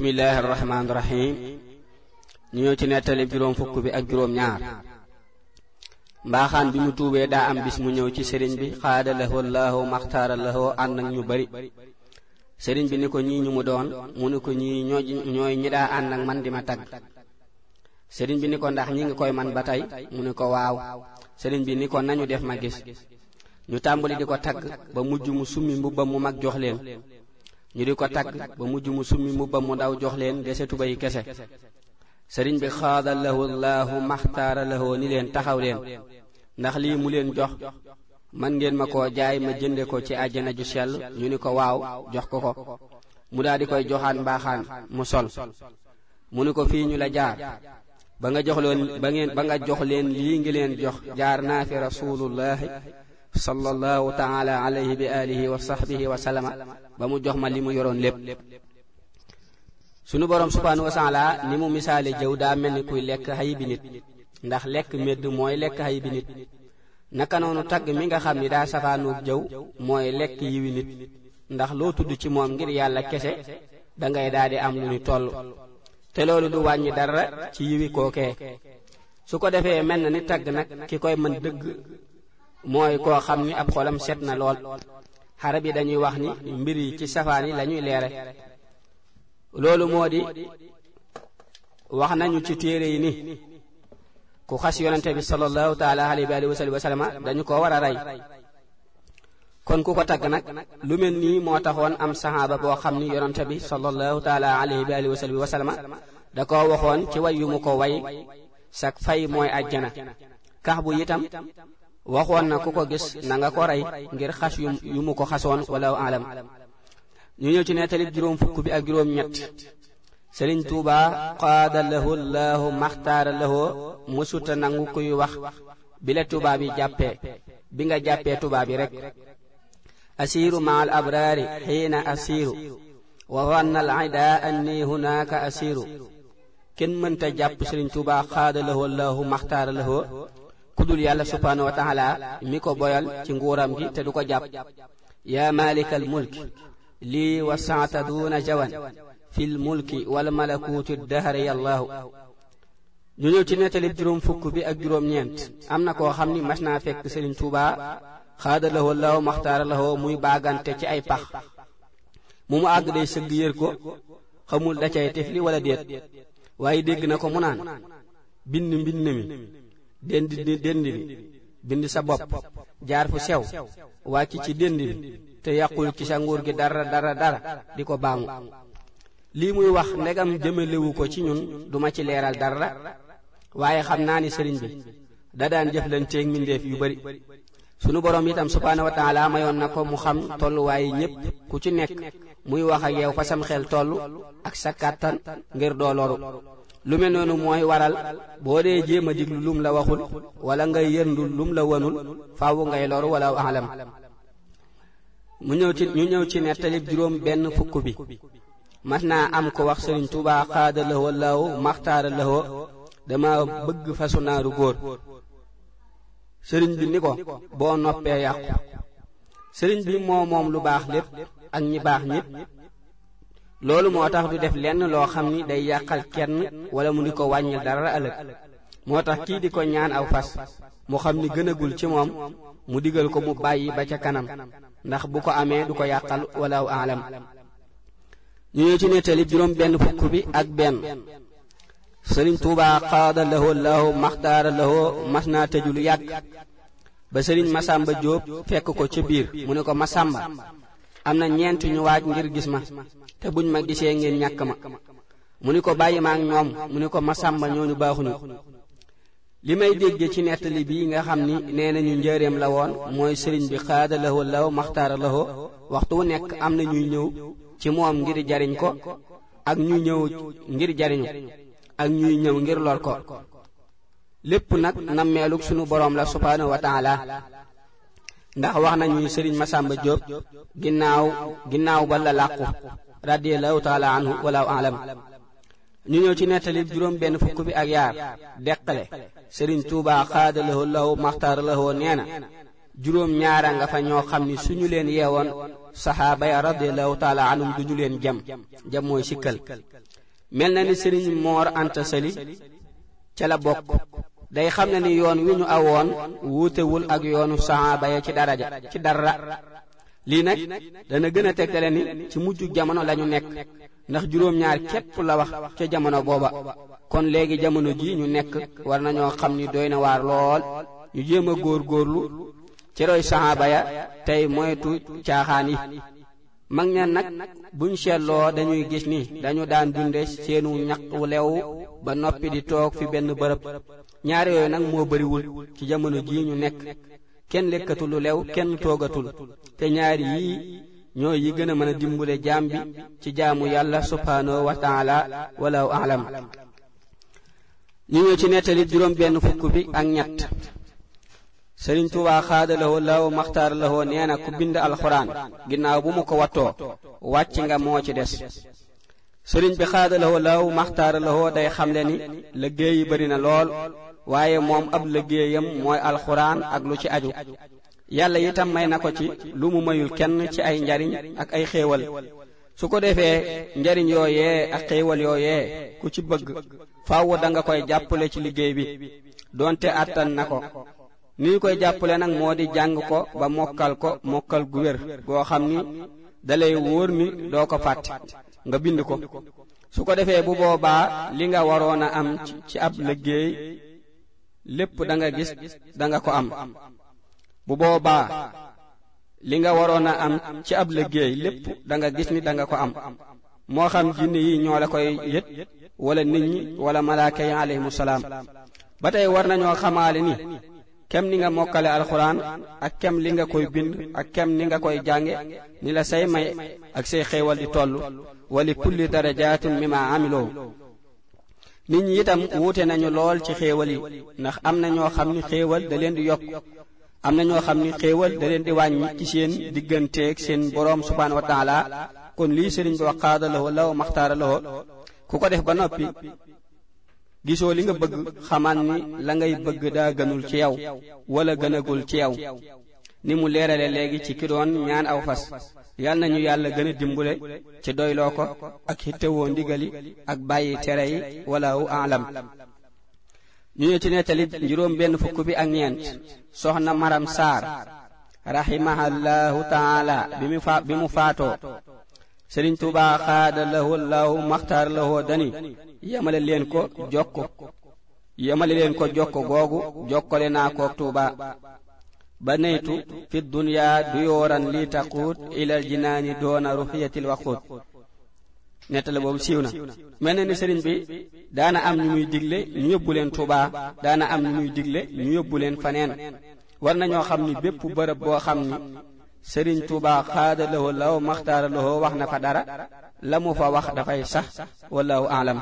bismillahi arrahmaani irahim ñu ñëw ci nettali juróom fukk bi ak juróom ñaar mbaaxaan bi mu tuubee daa am bis mu ñëw ci sëriñ bi xaada lahoo lahoo maxtaara lahoo ànd ak ñu bari sëriñ bi ni ko ñii ñu mu doon mu ni ko ñii ñoo ñooy ñi ànd ak man di ma tagg sëriñ bi ni ko ndax ñi ngi koy man ba tey mu ni ko waaw sëriñ bi ni ko nañu def ma gis ñu tàmbali di ko tagg ba mujj mu summi mbubba mu mag jox leen ñu di ko tagg ba mujj mu summi mu ba mu ndaw jox leen dese tubay kese sëriñ bi xaada lahu laahu maxtaara lahoo ni leen taxaw leen ndax lii mu leen jox man ngeen ma koo jaay ma jënde ko ci àjjana ju sell ñu ni ko waaw jox ko ko mu daal di koy joxaan mbaaxaan mu sol mu ni ko fii ñu la jaar ba nga jox leen ba ngeen ba nga jox leen lii ngi leen jox jaar naa fi rasulullahi sallallahu taala alayhi bi alihi wa sahbihi wa salama ba jox ma li mu yoroon lépp sunu boroom subhaanahu wa taala ni mu misaale jëw daa mel ni kuy lekk xayibi nit ndax lekk médd mooy lekk xayibi nit naka noonu tagg mi nga xam ni daa safaanoog jëw mooy lekk yiwi nit ndax loo tudd ci moom ngir yàlla kese dangay daal di am lu ni toll te loolu du wàññi dara ci yiwi kookee su ko defee mel na ni tagg nag ki koy mën dëgg mooy koo xam ni ab xolam set na lool xarab bi dañuy wax ni mbir yi ci safaan yi lañuy leere loolu moo di wax nañu ci téere yi ni ku xas yonente bi sallallahu taala alayhi wa sallam wa sallama dañu war a rey kon ku ko tagg nag lu mel nii moo taxoon am saxaaba boo xam ni yonente bi sallallahu taala alayhi wa sallam wa sallama da koo waxoon ci way yu mu ko way sak fay mooy ajjana kax bu itam waxoon na ku ko gis na nga ko rey ngir xas yu yu mu ko xasoon wala alam ñu ñëw ci nettali juróom fukk bi ak juróom ñett sëriñ tuuba qaada lahu llahu maxtaara lahu mësuta nangu kuy wax bi la tubaab yi jàppee bi nga jàppee tubaab yi rek asiiru ma al abraari xiina asiiru wa wanna al ida anni hunaaka asiiru kenn mënta jàpp sëriñ tuuba qaada lahu llahu maxtaara lahu kudul yàlla subhaanahu wa taala mi ko boyal ci nguuram gi te du ko jàpp yaa malikal mulki lii wasaata duuna jawan fil mulki wal malakuuti dahari yallaahu ñu ñëw ci nettalib juróom fukk bi ak juróom ñeent am na koo xam ni mas naa fekk Sëriñ Tuubaa xaada lahoo law maxtaara lahoo muy baagante ci ay pax mu mu àgg day sëgg yër ko xamul da tifli wala déet waaye dégg na ko mu naan bind mbind mi dënd di dënd bi bind sa bopp jaar fu sew wàcc ci dënd bi te yàqul ci sa nguur gi dara dara dara di ko baamu lii muy wax ndegam jëmalewu ko ci ñun duma ci leeral dara waaye xam naa ni sëriñ bi da daan jëflanteeg mindeef yu bari sunu borom itam subhaanahu wa taala mayoon na ko mu xam tolluwaayu ñépp ku ci nekk muy wax ak yow fa sam xel toll ak sa kàttan ngir doo loru lu mel noonu mooy waral boo dee jéem a diglu lum la waxul wala ngay yëndu lum la wanul faawu ngay lor wala alam mu ñëw ci ñu ñëw ci nettalib juróom benn fukk bi mas naa am ko wax sëriñ Tuubaa xaada lahoo law maxtaara lahoo dama bëgg fasu naaru góor sëriñ bi ni ko boo noppee yàqu sëriñ bi moo moom lu baax lépp ak ñi baax ñépp loolu moo tax du def lenn loo xam ni day yàqal kenn wala mu di ko wàññil dara ëllëg moo tax kii di ko ñaan aw fas mu xam ni gënagul ci moom mu digal ko mu bàyyi ba ca kanam ndax bu ko amee du ko yàqal walaw aalam ñu ñëw ci nettali juróom benn fukk bi ak benn sëriñ tuubaa xaada lahoo lahoo maxtaara lahoo mas naa tëju lu yàgg ba sëriñ masamba jóob fekk ko ca biir mu ne ko masamba am na ñeent ñu waaj ngir gis ma te buñ ma gisee ngeen ñàkk ma mu ni ko bàyyi ma ak ñoom mu ni ko ma masàmba ñooñu baaxuñu li may dégge ci nettali bi nga xam ni nee nañu njëreem la woon mooy sëriñ bi xaada lahoo law maxtaara lahoo waxtu wu nekk am na ñuy ñëw ci moom ngir jariñ ko ak ñu ñëw ngir jariñu ak ñuy ñëw ngir lool ko lépp nag nammeelug sunu boroom la subhaanahu wa ndax wax nañu sëriñ Masamba Diop ginnaaw ginnaaw ba la làqu radiyallahu taala anhu wala alam ñu ñëw ci nettalib juróom benn fukk bi ak yaar deqale sëriñ Tuubaa xaada lahu lahu la lahu nee na juróom ñaara nga fa ñoo xam ni suñu leen yeewoon saxaaba ya radiyallahu taala anhum duñu leen jam jam mooy sikkal mel na ni sëriñ Moor Anta Sali ca la bokk day xam ne ni yoon wi ñu awoon wuutewul ak yoonu sahaaba ya ci daraja ci dara lii nag dana gën a tegtale ni ci mujj jamono lañu nekk ndax juróom-ñaar képp la wax ca jamono booba kon léegi jamono ji ñu nekk war nañoo xam ni doy na waar lool ñu jéem góor góorgóorlu ci roy sahaaba ya tey moytu caaxaan yi mag ña nag buñ seetloo dañuy gis ni dañu daan dunde seenu ñaq wu lew ba noppi di toog fi benn bërëb ñaar yooyu nag moo bëriwul ci jamono jii ñu nekk kenn lekkatul lu lew kenn toogatul te ñaari yii ñoo yi gën a mën a dimbule jaam bi ci jaamu yàlla subhaanahu wa taala alam ñu ñëw ci nettali juróom benn fukk bi ak ñett sëriñ tubaa xaadalawoo law maxtaar lawoo nee na ku bind alxuraan ginnaaw bu mu ko wattoo wàcc nga moo ci des sëriñ bi xaadalawoo law maxtaaralawoo day xamle ni liggéey yi bari na lool waaye moom ab liggéeyam mooy alxuraan ak lu ci aju yàlla itam may na ko ci lu mu mayul kenn ci ay njariñ ak ay xéewal su ko defee njariñ yoo yooyee ak xéewal yooyee ku ci bëgg faaw da nga koy jàppale ci liggéey bi doonte àttan na ko ni ñu koy jàppale nag moo di jàng ko ba mokkal ko mokkal gu wér goo xam ni dalay wóor mi doo ko fàtte nga bind ko su ko defee bu boobaa li nga waroon a am ci ab liggéey lépp da nga gis da nga ko am bu boobaa li nga waroon a am ci ab léggéey lépp da nga gis ni da nga ko am moo xam jinne yi ñoo la koy yët wala nit ñi wala malaaka yi alayhimu ba tey war nañoo xamaale ni kem ni nga mokkale alxuraan ak kem li nga koy bind ak kem ni nga koy jànge ni la say may ak say xéewal di toll wali kulli mi ma amiloo nit ñi itam wuute nañu lool ci xéewal yi ndax am na ñoo xam ni xéewal da leen di yokk am na ñoo xam ni xéewal da leen di wàññi ci seen digganteek seen boroom subhaanahu wa taala kon lii sëriñ bi wax qaada lahu law maxtaara lahu ku ko def ba noppi gisoo li nga bëgg xamaan ni la ngay bëgg daa gënul ci yow wala gënagul ci yow ni mu leerale léegi ci ki doon ñaan aw fas yal nañu yàlla gën a dimbule ci doyloo ko ak xittewoo ndigali ak bàyyi tere yi walaahu aalam ñu ne ci nettali juróom benn fukk bi ak ñeent soxna maram saar rahimahallaahu taala bi mu bi mu faatoo sëriñ tuubaa xaada lahu allahu dani yamale leen ko jokko yemale leen ko jokko googu jokkale naa koog tuuba banaytu fi dunya duyooran li taquut ilal jinaani doona ruxiyatil waquut nettale boobu siiw na mel na ni sëriñ bi daana am ñu muy digle ñu yóbbu leen tuubaa daana am ñu muy digle ñu yóbbu leen faneen war nañoo xam ni bépp bërëb boo xam ni sëriñ tuubaa xaada lawo law maxtaara lawo wax na fa dara la mu fa wax dafay sax wallahu aalam